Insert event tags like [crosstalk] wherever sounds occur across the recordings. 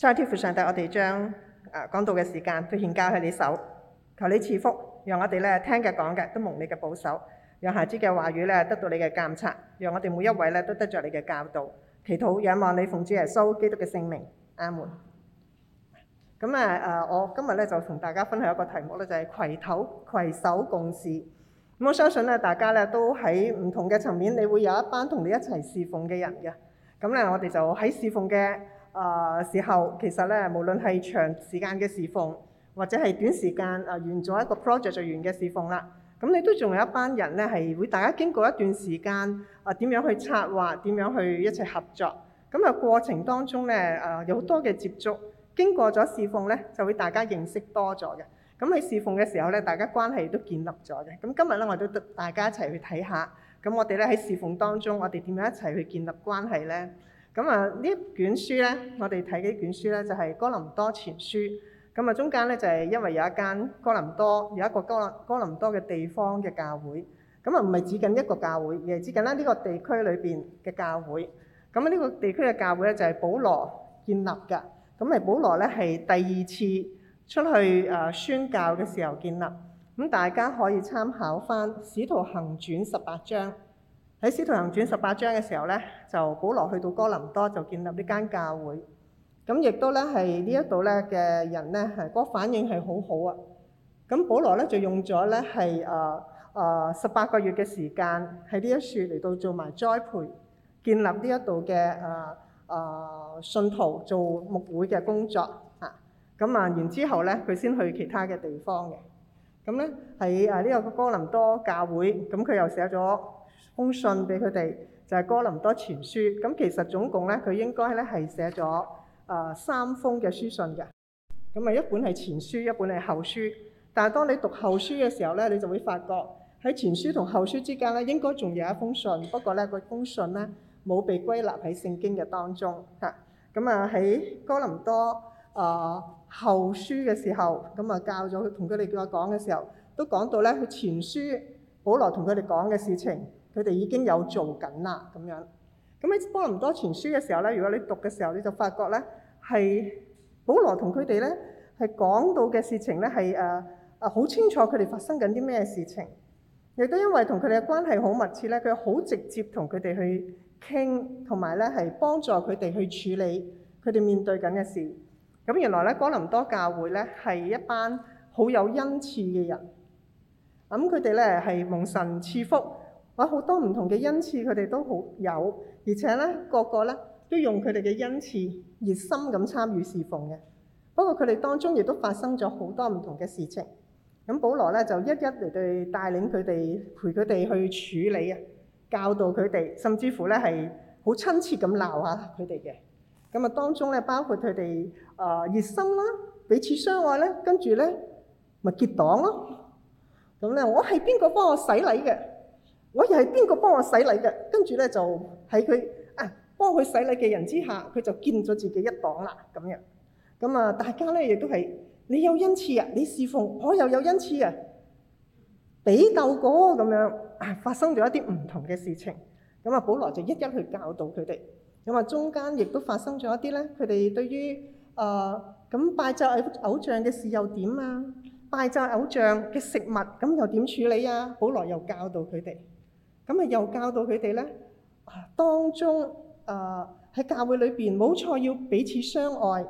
再交付上帝，我哋將啊講道嘅時間推獻交喺你手，求你賜福，讓我哋咧聽嘅講嘅都蒙你嘅保守，讓孩子嘅話語咧得到你嘅監察，讓我哋每一位咧都得著你嘅教導。祈禱仰望你奉主耶穌基督嘅聖名，阿門。咁咧誒，我今日咧就同大家分享一個題目咧，就係攜頭攜手共事。咁我相信咧，大家咧都喺唔同嘅層面，你會有一班同你一齊侍奉嘅人嘅。咁咧，我哋就喺侍奉嘅啊、呃！時候其實咧，無論係長時間嘅侍奉，或者係短時間啊，完、呃、咗一個 project 就完嘅侍奉啦。咁你都仲有一班人咧，係會大家經過一段時間啊，點、呃、樣去策劃，點樣去一齊合作。咁啊，過程當中咧，啊、呃、有好多嘅接觸。經過咗侍奉咧，就會大家認識多咗嘅。咁喺侍奉嘅時候咧，大家關係都建立咗嘅。咁今日咧，我都大家一齊去睇下。咁我哋咧喺侍奉當中，我哋點樣一齊去建立關係咧？咁啊，呢卷書咧，我哋睇嘅卷書咧，就係哥林多前書。咁啊，中間咧就係因為有一間哥林多有一個哥林哥林多嘅地方嘅教會。咁啊，唔係指緊一個教會，而係指緊咧呢個地區裏邊嘅教會。咁啊，呢個地區嘅教會咧就係保羅建立嘅。咁啊，保羅咧係第二次出去誒宣教嘅時候建立。咁大家可以參考返《使徒行傳》十八章。喺《使徒行傳》十八章嘅時候咧，就保羅去到哥林多就建立呢間教會，咁亦都咧係呢一度咧嘅人咧係個反應係好好啊。咁保羅咧就用咗咧係誒誒十八個月嘅時間喺呢一處嚟到做埋栽培，建立呢一度嘅誒誒信徒做牧會嘅工作啊。咁然之後咧，佢先去其他嘅地方嘅。咁咧喺誒呢個哥林多教會，咁佢又寫咗封信俾佢哋就係、是、哥林多前書咁，其實總共咧，佢應該咧係寫咗誒三封嘅書信嘅。咁啊，一本係前書，一本係後書。但係當你讀後書嘅時候咧，你就會發覺喺前書同後書之間咧，應該仲有一封信，不過咧，嗰封信咧冇被歸納喺聖經嘅當中嚇。咁啊，喺哥林多誒、呃、後書嘅時候，咁啊教咗佢同佢哋叫我講嘅時候，都講到咧佢前書保羅同佢哋講嘅事情。佢哋已經有做緊啦，咁樣咁喺哥林多前書嘅時候咧，如果你讀嘅時候，你就發覺咧係保羅同佢哋咧係講到嘅事情咧係誒誒好清楚，佢哋發生緊啲咩事情，亦都因為同佢哋嘅關係好密切咧，佢好直接同佢哋去傾，同埋咧係幫助佢哋去處理佢哋面對緊嘅事。咁原來咧哥林多教會咧係一班好有恩賜嘅人，咁佢哋咧係蒙神賜福。有好多唔同嘅恩賜，佢哋都好有，而且咧個個咧都用佢哋嘅恩賜熱心咁參與侍奉嘅。不過佢哋當中亦都發生咗好多唔同嘅事情。咁保羅咧就一一嚟對帶領佢哋陪佢哋去處理啊，教導佢哋，甚至乎咧係好親切咁鬧下佢哋嘅。咁啊當中咧包括佢哋啊熱心啦，彼此相愛咧，跟住咧咪結黨咯。咁咧我係邊個幫我洗禮嘅？我又係邊個幫我洗禮嘅？跟住咧就喺佢啊幫佢洗禮嘅人之下，佢就建咗自己一黨啦咁樣。咁啊，大家咧亦都係你有恩賜啊，你侍奉我又有恩賜啊，比鬥過咁樣啊，發生咗一啲唔同嘅事情。咁啊，保羅就一一去教導佢哋。咁啊，中間亦都發生咗一啲咧，佢哋對於啊咁、呃、拜祭偶像嘅事又點啊？拜祭偶像嘅食物咁又點處理啊？保羅又教導佢哋。咁咪又教到佢哋咧，當中誒喺、呃、教會裏邊冇錯要彼此相愛，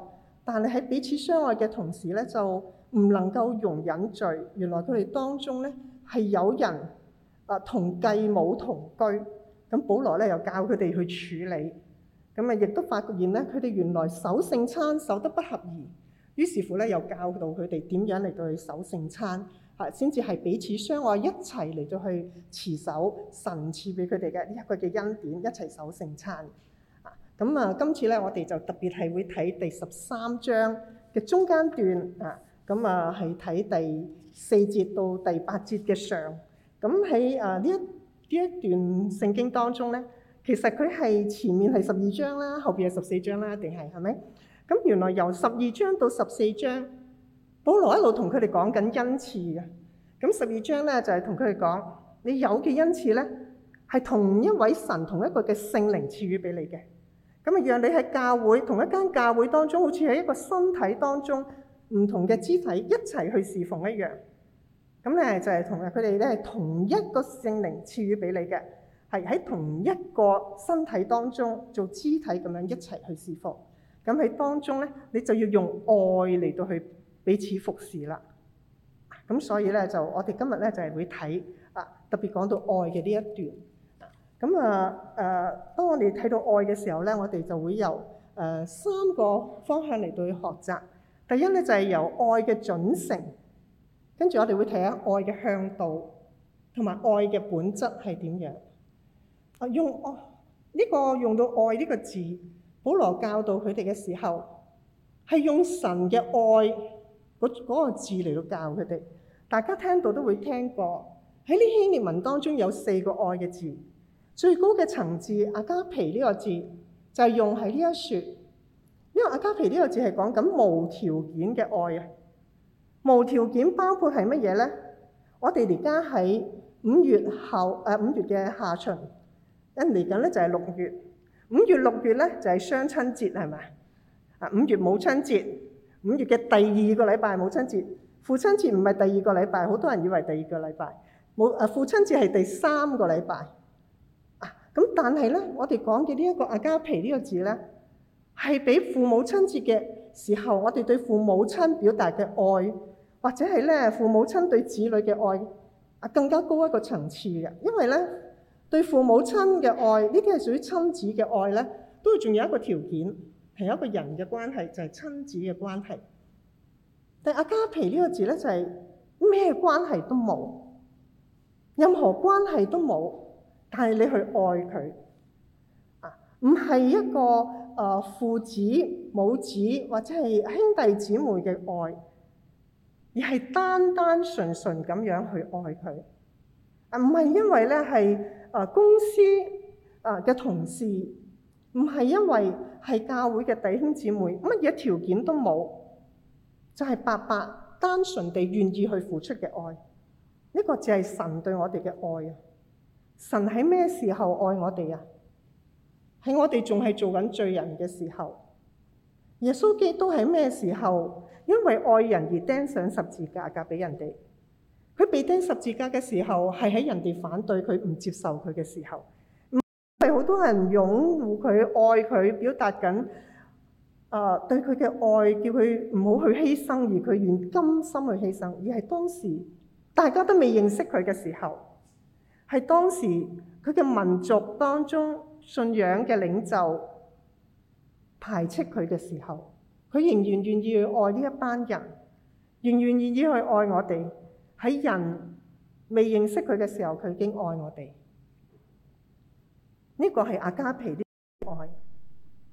但係喺彼此相愛嘅同時咧，就唔能夠容忍罪。原來佢哋當中咧係有人啊、呃、同繼母同居，咁保羅咧又教佢哋去處理。咁咪亦都發現咧，佢哋原來守聖餐守得不合宜，於是乎咧又教導佢哋點樣嚟到去守聖餐。先至係彼此相愛，一齊嚟到去持守神賜俾佢哋嘅呢一個嘅恩典，一齊守聖餐。啊，咁啊，今次咧，我哋就特別係會睇第十三章嘅中間段啊，咁啊係睇第四節到第八節嘅上。咁喺啊呢一呢一段聖經當中咧，其實佢係前面係十二章啦，後邊係十四章啦，定係係咪？咁啊，原來由十二章到十四章。保羅一路同佢哋講緊恩賜嘅，咁十二章咧就係同佢哋講：你有嘅恩賜咧係同一位神、同一個嘅聖靈賜予俾你嘅。咁啊，讓你喺教會同一間教會當中，好似喺一個身體當中唔同嘅肢體一齊去侍奉一樣。咁咧就係同佢哋咧同一個聖靈賜予俾你嘅，係喺同一個身體當中做肢體咁樣一齊去侍奉。咁喺當中咧，你就要用愛嚟到去。彼此服侍啦，咁所以咧就我哋今日咧就係、是、會睇啊，特別講到愛嘅呢一段，咁啊誒，當我哋睇到愛嘅時候咧，我哋就會由誒、呃、三個方向嚟到去學習。第一咧就係、是、由愛嘅準成。跟住我哋會睇下愛嘅向度，同埋愛嘅本質係點樣。啊，用愛呢、哦這個用到愛呢個字，保羅教導佢哋嘅時候係用神嘅愛。嗰個字嚟到教佢哋，大家聽到都會聽過。喺呢希臘文當中有四個愛嘅字，最高嘅層次，阿加皮呢個字就係、是、用喺呢一説。因為阿加皮呢個字係講緊無條件嘅愛啊，無條件包括係乜嘢咧？我哋而家喺五月後，誒、呃、五月嘅下旬，一嚟緊咧就係、是、六月，五月六月咧就係雙親節係咪？啊，五月母親節。五月嘅第二個禮拜母親節，父親節唔係第二個禮拜，好多人以為第二個禮拜。母啊，父親節係第三個禮拜啊。咁但係咧，我哋講嘅呢一個阿加皮呢個字咧，係比父母親節嘅時候，我哋對父母親表達嘅愛，或者係咧父母親對子女嘅愛啊，更加高一個層次嘅。因為咧，對父母親嘅愛，屬於親愛呢啲係屬於親子嘅愛咧，都仲有一個條件。係一個人嘅關係，就係、是、親子嘅關係。但係阿加皮呢個字咧，就係、是、咩關係都冇，任何關係都冇。但係你去愛佢啊，唔係一個誒、呃、父子母子或者係兄弟姊妹嘅愛，而係單單純純咁樣去愛佢啊。唔係因為咧係誒公司啊嘅同事，唔係因為，係教會嘅弟兄姊妹，乜嘢條件都冇，就係白白單純地願意去付出嘅愛。呢個就係神對我哋嘅愛啊！神喺咩時候愛我哋啊？喺我哋仲係做緊罪人嘅時候，耶穌基督喺咩時候因為愛人而釘上十字架，架俾人哋？佢被釘十字架嘅時候，係喺人哋反對佢、唔接受佢嘅時候。係好多人擁護佢、愛佢、表達緊啊對佢嘅愛，叫佢唔好去犧牲，而佢願甘心去犧牲。而係當時大家都未認識佢嘅時候，係當時佢嘅民族當中信仰嘅領袖排斥佢嘅時候，佢仍然願意去愛呢一班人，仍然願意去愛我哋。喺人未認識佢嘅時候，佢已經愛我哋。呢個係阿加皮啲愛。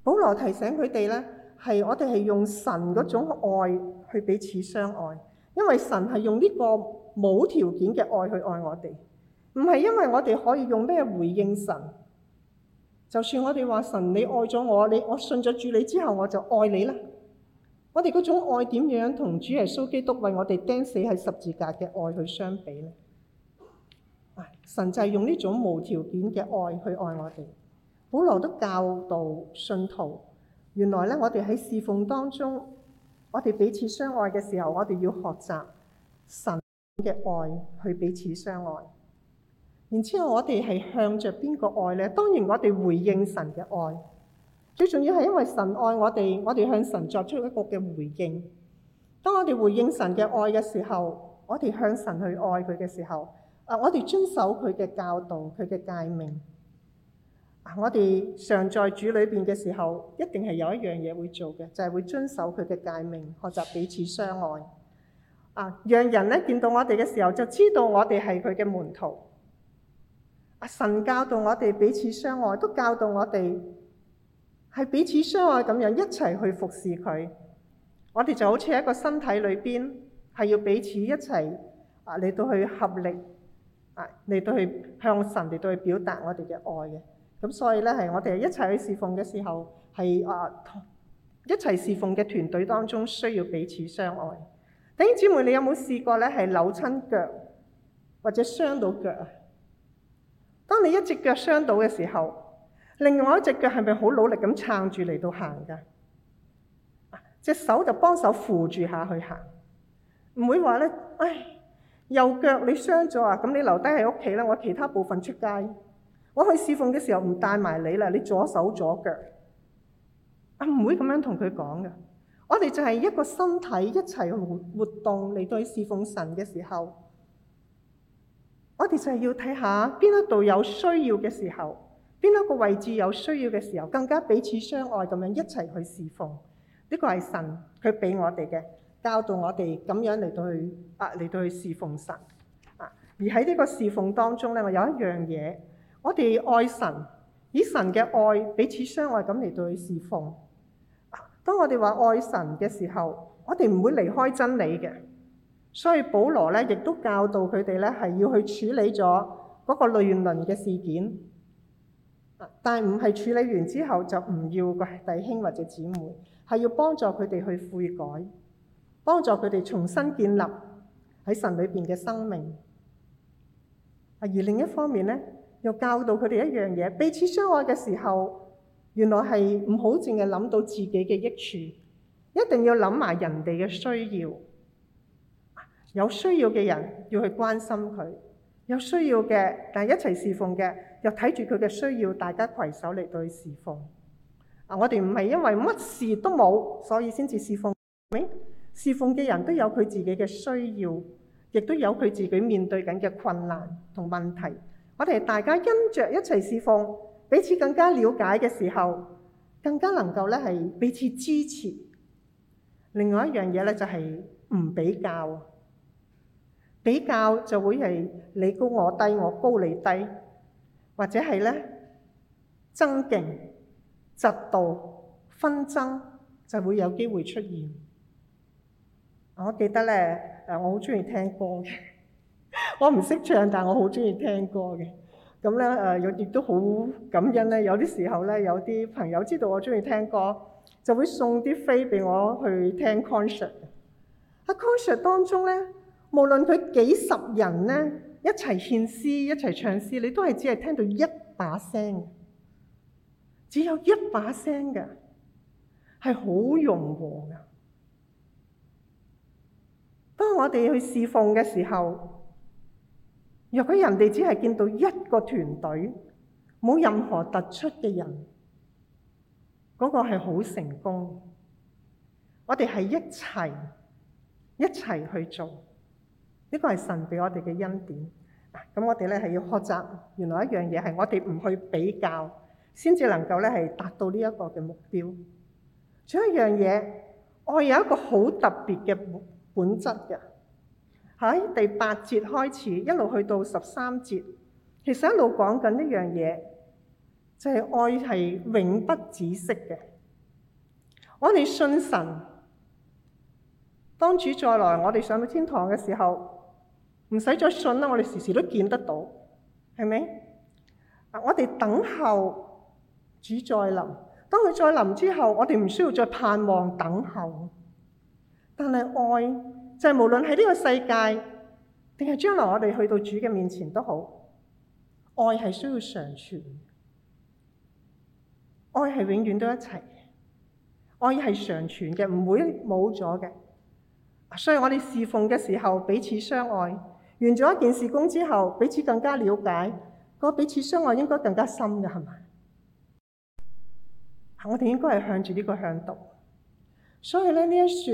保羅提醒佢哋咧，係我哋係用神嗰種愛去彼此相愛，因為神係用呢個冇條件嘅愛去愛我哋，唔係因為我哋可以用咩回應神。就算我哋話神，你愛咗我，你我信咗主你之後，我就愛你啦。我哋嗰種愛點樣同主耶穌基督為我哋釘死喺十字架嘅愛去相比咧？神就係用呢種無條件嘅愛去愛我哋。保羅都教導信徒，原來咧我哋喺侍奉當中，我哋彼此相愛嘅時候，我哋要學習神嘅愛去彼此相愛。然之後我哋係向着邊個愛咧？當然我哋回應神嘅愛。最重要係因為神愛我哋，我哋向神作出一個嘅回應。當我哋回應神嘅愛嘅時候，我哋向神去愛佢嘅時候。啊！我哋遵守佢嘅教導，佢嘅誡命。啊！我哋常在主裏邊嘅時候，一定係有一樣嘢會做嘅，就係會遵守佢嘅誡命，學習彼此相愛。啊！讓人咧見到我哋嘅時候，就知道我哋係佢嘅門徒。啊！神教導我哋彼此相愛，都教導我哋係彼此相愛咁樣一齊去服侍佢。我哋就好似一個身體裏邊，係要彼此一齊啊嚟到去合力。啊！嚟到去向神哋，嚟到去表達我哋嘅愛嘅。咁所以咧，係我哋一齊去侍奉嘅時候，係啊，同一齊侍奉嘅團隊當中需要彼此相愛。弟兄姊妹，你有冇試過咧？係扭親腳或者傷到腳啊？當你一隻腳傷到嘅時候，另外一隻腳係咪好努力咁撐住嚟到行㗎？隻手就幫手扶住下去行，唔會話咧，唉。右腳你傷咗啊，咁你留低喺屋企啦，我其他部分出街。我去侍奉嘅時候唔帶埋你啦，你左手左腳。唔會咁樣同佢講嘅，我哋就係一個身體一齊活活動嚟對侍奉神嘅時候，我哋就係要睇下邊一度有需要嘅時候，邊一個位置有需要嘅時候，更加彼此相愛咁樣一齊去侍奉。呢個係神佢俾我哋嘅。教導我哋咁樣嚟到去啊，嚟到去侍奉神啊。而喺呢個侍奉當中咧，我有一樣嘢，我哋愛神，以神嘅愛彼此相愛咁嚟到去侍奉。啊、當我哋話愛神嘅時候，我哋唔會離開真理嘅。所以保羅咧，亦都教導佢哋咧係要去處理咗嗰個亂倫嘅事件、啊、但係唔係處理完之後就唔要個弟兄或者姊妹，係要幫助佢哋去悔改。幫助佢哋重新建立喺神裏邊嘅生命。啊，而另一方面咧，又教導佢哋一樣嘢：彼此相愛嘅時候，原來係唔好淨係諗到自己嘅益處，一定要諗埋人哋嘅需要。有需要嘅人要去關心佢，有需要嘅，但係一齊侍奉嘅，又睇住佢嘅需要，大家攜手嚟對侍奉。啊，我哋唔係因為乜事都冇，所以先至侍奉，明、啊？侍奉嘅人都有佢自己嘅需要，亦都有佢自己面對緊嘅困難同問題。我哋大家因著一齊侍奉，彼此更加了解嘅時候，更加能夠咧係彼此支持。另外一樣嘢咧就係唔比較，比較就會係你高我低，我高你低，或者係咧爭勁、嫉妒、紛爭就會有機會出現。我記得咧，誒，我好中意聽歌嘅。 [laughs] 我唔識唱，但係我好中意聽歌嘅。咁咧，誒、呃，又亦都好感恩咧。有啲時候咧，有啲朋友知道我中意聽歌，就會送啲飛俾我去聽 concert。喺 concert [music] 當中咧，無論佢幾十人咧一齊獻詩、一齊唱詩，你都係只係聽到一把聲，只有一把聲嘅，係好融和嘅。當我哋去侍奉嘅時候，若果人哋只係見到一個團隊，冇任何突出嘅人，嗰個係好成功。我哋係一齊一齊去做，呢個係神俾我哋嘅恩典。咁我哋咧係要學習原來一樣嘢係我哋唔去比較，先至能夠咧係達到呢一個嘅目標。仲有一樣嘢，我有一個好特別嘅。本質嘅喺第八節開始一路去到十三節，其實一路講緊一樣嘢，就係愛係永不止息嘅。我哋信神，當主再來，我哋上到天堂嘅時候，唔使再信啦，我哋時時都見得到，係咪？我哋等候主再臨，當佢再臨之後，我哋唔需要再盼望等候。但係愛就係、是、無論喺呢個世界定係將來，我哋去到主嘅面前都好，愛係需要常存，愛係永遠都一齊，愛係常存嘅，唔會冇咗嘅。所以我哋侍奉嘅時候，彼此相愛，完咗一件事工之後，彼此更加了解，個彼此相愛應該更加深嘅係咪？我哋應該係向住呢個向度，所以咧呢一樹。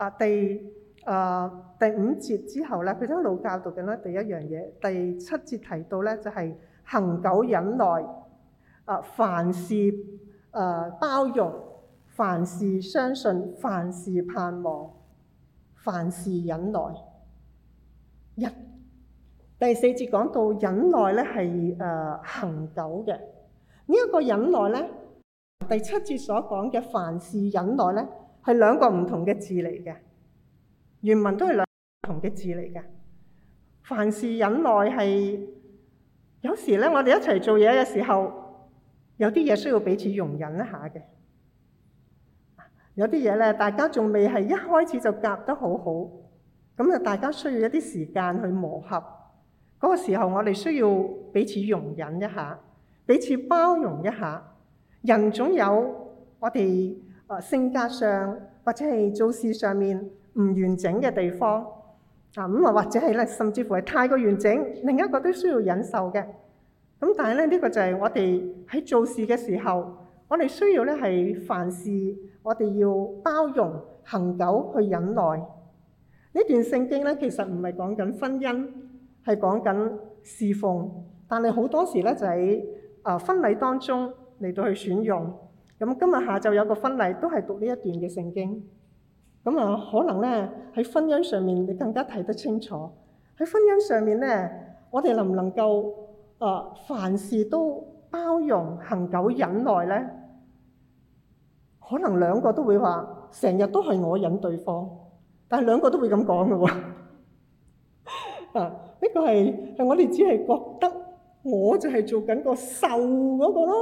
啊、呃，第啊第五節之後咧，佢得老教讀緊咧第一樣嘢。第七節提到咧就係、是、恒久忍耐，啊、呃、凡事啊、呃、包容，凡事相信，凡事盼望，凡事忍耐。一第四節講到忍耐咧係誒恆久嘅，呢、這、一個忍耐咧，第七節所講嘅凡事忍耐咧，係兩個唔同嘅字嚟嘅，原文都係兩個唔同嘅字嚟嘅。凡事忍耐係，有時咧我哋一齊做嘢嘅時候，有啲嘢需要彼此容忍一下嘅。有啲嘢咧，大家仲未係一開始就夾得好好，咁就大家需要一啲時間去磨合。嗰個時候我哋需要彼此容忍一下，彼此包容一下。人總有我哋。誒，性格上或者係做事上面唔完整嘅地方，啊咁啊或者係咧甚至乎係太過完整，另一個都需要忍受嘅。咁但係咧，呢個就係我哋喺做事嘅時候，我哋需要咧係凡事我哋要包容、恆久去忍耐。呢段聖經咧其實唔係講緊婚姻，係講緊侍奉，但係好多時咧就喺誒婚禮當中嚟到去選用。咁今日下晝有個婚禮，都係讀呢一段嘅聖經。咁啊，可能咧喺婚姻上面，你更加睇得清楚。喺婚姻上面咧，我哋能唔能夠啊，凡事都包容、恆久忍耐咧？可能兩個都會話，成日都係我忍對方，但係兩個都會咁講嘅喎。啊，呢個係我哋只係覺得，我就係做緊個受嗰個咯。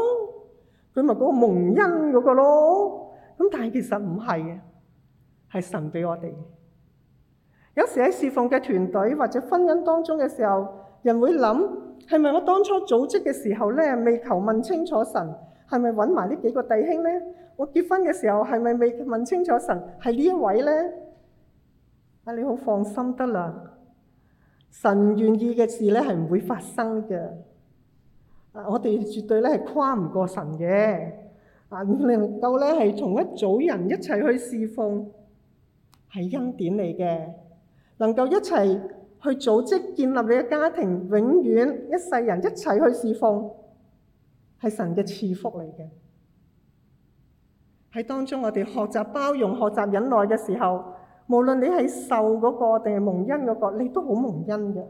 佢咪嗰個蒙恩嗰個咯？咁但係其實唔係嘅，係神畀我哋。有時喺侍奉嘅團隊或者婚姻當中嘅時候，人會諗係咪我當初組織嘅時候咧，未求問清楚神係咪揾埋呢幾個弟兄咧？我結婚嘅時候係咪未問清楚神係呢一位咧？啊，你好放心得啦！神願意嘅事咧，係唔會發生嘅。我哋絕對咧係跨唔過神嘅。啊，能夠咧係同一組人一齊去侍奉，係恩典嚟嘅；能夠一齊去組織建立你嘅家庭，永遠一世人一齊去侍奉，係神嘅賜福嚟嘅。喺當中我哋學習包容、學習忍耐嘅時候，無論你係受嗰個定係蒙恩嗰個，你都好蒙恩嘅。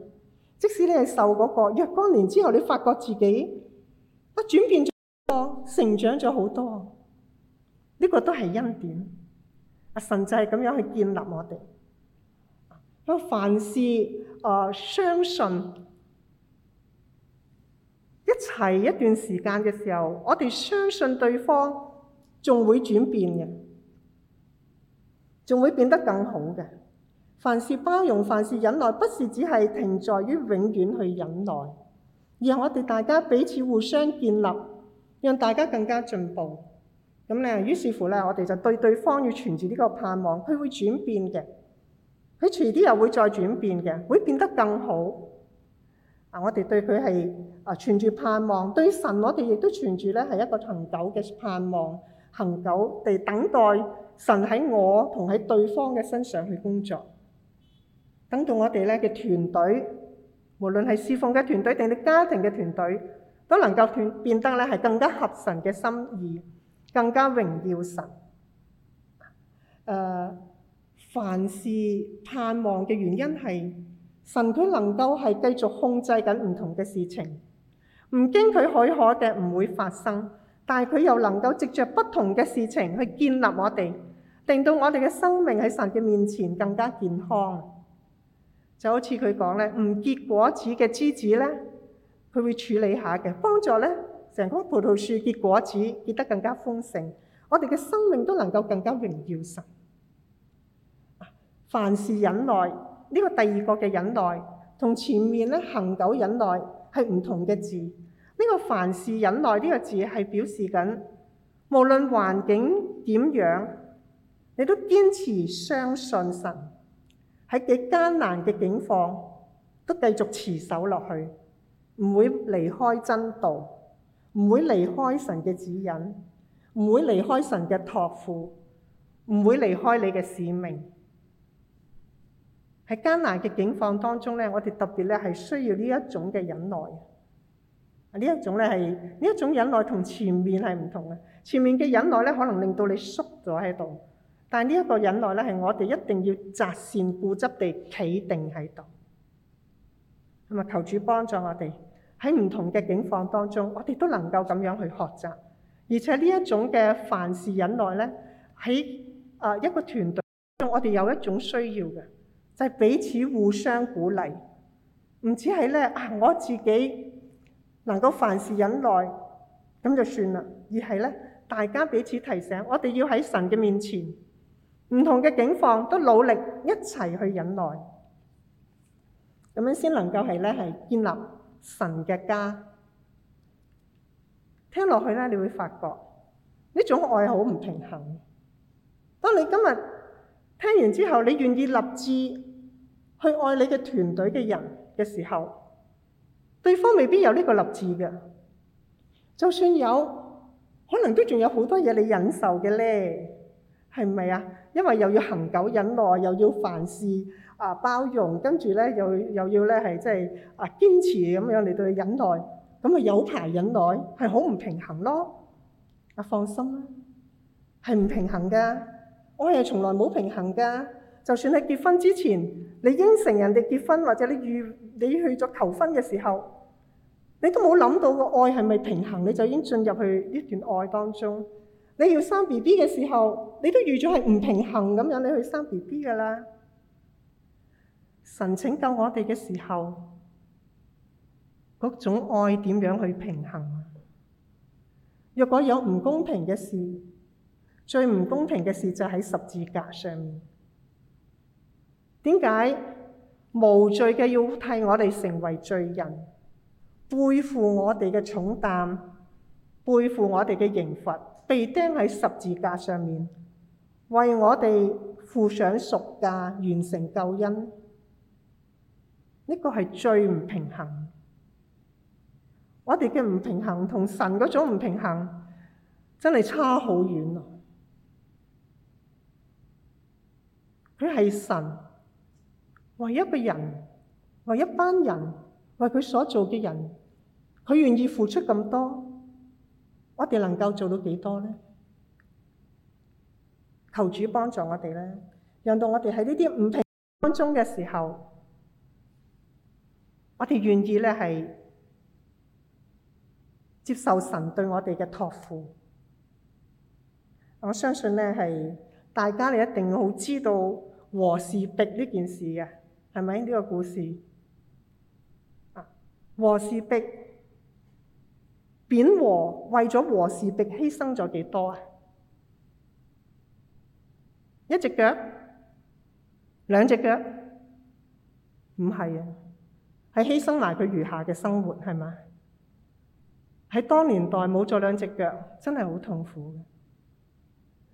即使你係受嗰個，若干年之後，你發覺自己一轉變咗，成長咗好多，呢、這個都係恩典。阿神就係咁樣去建立我哋。啊，凡事啊、呃、相信一齊一段時間嘅時候，我哋相信對方仲會轉變嘅，仲會變得更好嘅。凡事包容，凡事忍耐，不是只係停在於永遠去忍耐，而係我哋大家彼此互相建立，讓大家更加進步。咁咧，於是乎咧，我哋就對對方要存住呢個盼望，佢會轉變嘅，佢遲啲又會再轉變嘅，會變得更好。啊，我哋對佢係啊存住盼望，對神我哋亦都存住咧係一個恆久嘅盼望，恆久地等待神喺我同喺對方嘅身上去工作。等到我哋咧嘅團隊，無論係侍奉嘅團隊定係家庭嘅團隊，都能夠團變得咧係更加合神嘅心意，更加榮耀神。誒、呃，凡事盼望嘅原因係神，都能夠係繼續控制緊唔同嘅事情，唔經佢許可嘅唔會發生，但係佢又能夠藉着不同嘅事情去建立我哋，令到我哋嘅生命喺神嘅面前更加健康。就好似佢講咧，唔結果子嘅枝子咧，佢會處理下嘅，幫助咧成棵葡萄樹結果子結得更加豐盛。我哋嘅生命都能夠更加榮耀神。凡事忍耐，呢個第二個嘅忍耐同前面咧恆久忍耐係唔同嘅字。呢個凡事忍耐呢個字係表示緊，無論環境點樣，你都堅持相信神。喺幾艱難嘅境況，都繼續持守落去，唔會離開真道，唔會離開神嘅指引，唔會離開神嘅託付，唔會離開你嘅使命。喺艱難嘅境況當中咧，我哋特別咧係需要呢一種嘅忍耐。呢一種咧係呢一種忍耐同前面係唔同嘅。前面嘅忍耐咧，可能令到你縮咗喺度。但係呢一個忍耐咧，係我哋一定要擇善固執地企定喺度，同埋求主幫助我哋喺唔同嘅境況當中，我哋都能夠咁樣去學習。而且呢一種嘅凡事忍耐咧，喺啊一個團隊中，我哋有一種需要嘅，就係、是、彼此互相鼓勵，唔止係咧啊我自己能夠凡事忍耐咁就算啦，而係咧大家彼此提醒，我哋要喺神嘅面前。唔同嘅境況都努力一齊去忍耐，咁樣先能夠係咧係建立神嘅家。聽落去咧，你會發覺呢種愛好唔平衡。當你今日聽完之後，你願意立志去愛你嘅團隊嘅人嘅時候，對方未必有呢個立志嘅。就算有，可能都仲有好多嘢你忍受嘅咧。係咪啊？因為又要恒久忍耐，又要凡事啊包容，跟住咧又又要咧係，即係啊堅持咁樣嚟到佢忍耐，咁咪有排忍耐，係好唔平衡咯。啊放心啦，係唔平衡噶，我係從來冇平衡噶。就算你結婚之前，你應承人哋結婚，或者你遇你去咗求婚嘅時候，你都冇諗到個愛係咪平衡，你就已經進入去呢段愛當中。你要生 B B 嘅時候，你都預咗係唔平衡咁樣，你去生 B B 噶啦。神拯救我哋嘅時候，各種愛點樣去平衡啊？若果有唔公平嘅事，最唔公平嘅事就喺十字架上面。點解？無罪嘅要替我哋成為罪人，背負我哋嘅重擔，背負我哋嘅刑罰？被釘喺十字架上面，為我哋付上贖價，完成救恩。呢、這個係最唔平衡。我哋嘅唔平衡同神嗰種唔平衡，真係差好遠啊！佢係神，為一個人，為一班人，為佢所做嘅人，佢願意付出咁多。我哋能夠做到幾多呢？求主幫助我哋呢，讓到我哋喺呢啲唔平當中嘅時候，我哋願意呢係接受神對我哋嘅託付。我相信呢係大家一定好知道和氏璧呢件事嘅，係咪呢個故事、啊、和氏璧。扁和為咗和氏璧犧牲咗幾多啊？一隻腳，兩隻腳，唔係啊，係犧牲埋佢餘下嘅生活係嘛？喺當年代冇咗兩隻腳，真係好痛苦嘅。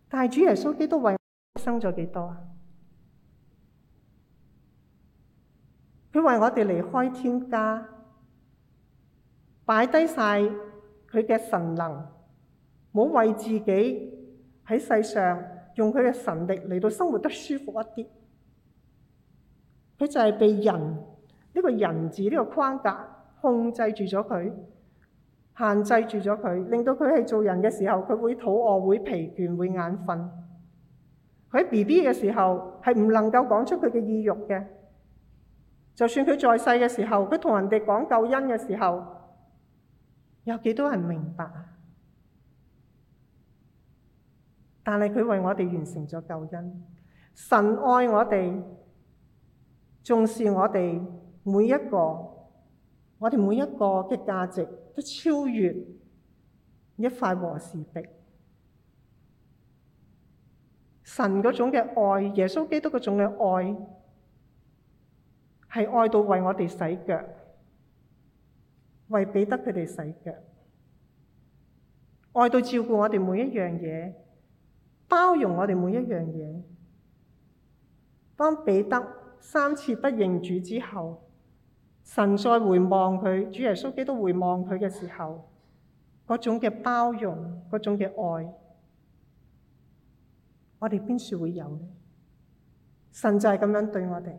但係主耶穌基督為犧牲咗幾多啊？佢為我哋離開天家，擺低晒。佢嘅神能，冇為自己喺世上用佢嘅神力嚟到生活得舒服一啲，佢就係被人呢個人字呢個框架控制住咗佢，限制住咗佢，令到佢係做人嘅時候，佢會肚餓、會疲倦、會眼瞓。佢 B B 嘅時候係唔能夠講出佢嘅意欲嘅，就算佢在世嘅時候，佢同人哋講救恩嘅時候。有幾多人明白？但係佢為我哋完成咗救恩，神愛我哋，重視我哋每一個，我哋每一個嘅價值都超越一塊和氏璧。神嗰種嘅愛，耶穌基督嗰種嘅愛，係愛到為我哋洗腳。為彼得佢哋洗腳，愛到照顧我哋每一樣嘢，包容我哋每一樣嘢。當彼得三次不認主之後，神再回望佢，主耶穌基督回望佢嘅時候，嗰種嘅包容，嗰種嘅愛，我哋邊處會有呢？神就係咁樣對我哋。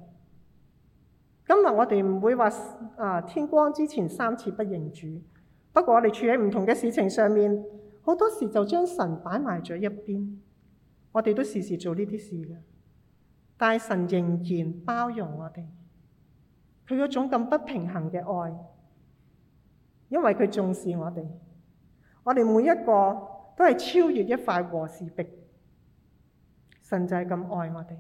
今日我哋唔會話啊天光之前三次不認主。不過我哋處喺唔同嘅事情上面，好多時就將神擺埋咗一邊。我哋都時時做呢啲事嘅，但係神仍然包容我哋。佢有種咁不平衡嘅愛，因為佢重視我哋。我哋每一個都係超越一塊和氏璧，神就係咁愛我哋。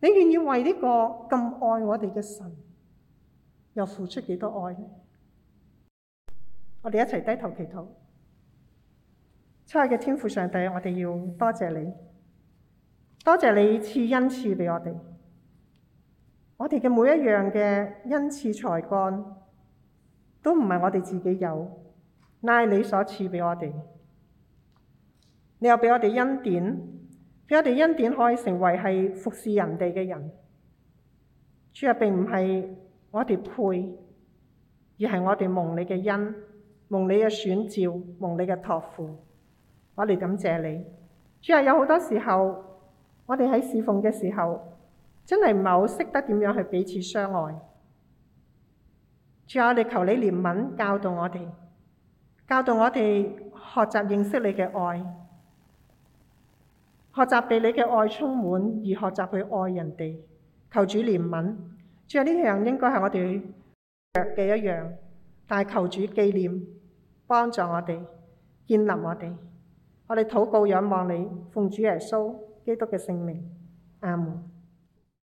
你願意為呢個咁愛我哋嘅神，又付出幾多愛咧？我哋一齊低頭祈禱。禱。親愛嘅天父上帝，我哋要多謝你，多謝你賜恩賜畀我哋。我哋嘅每一樣嘅恩賜才幹，都唔係我哋自己有，乃係你所賜俾我哋。你又畀我哋恩典。俾我哋恩典，可以成為係服侍人哋嘅人，主啊，並唔係我哋配，而係我哋蒙你嘅恩，蒙你嘅選召、蒙你嘅託付，我哋感謝你。主啊，有好多時候我哋喺侍奉嘅時候，真係唔係好識得點樣去彼此相愛。主啊，我哋求你憐憫，教導我哋，教導我哋學習認識你嘅愛。學習被你嘅愛充滿，而學習去愛人哋，求主憐憫。最後呢樣應該係我哋嘅一樣，但求主記念，幫助我哋，建立我哋。我哋禱告仰望你，奉主耶穌基督嘅聖名，阿門。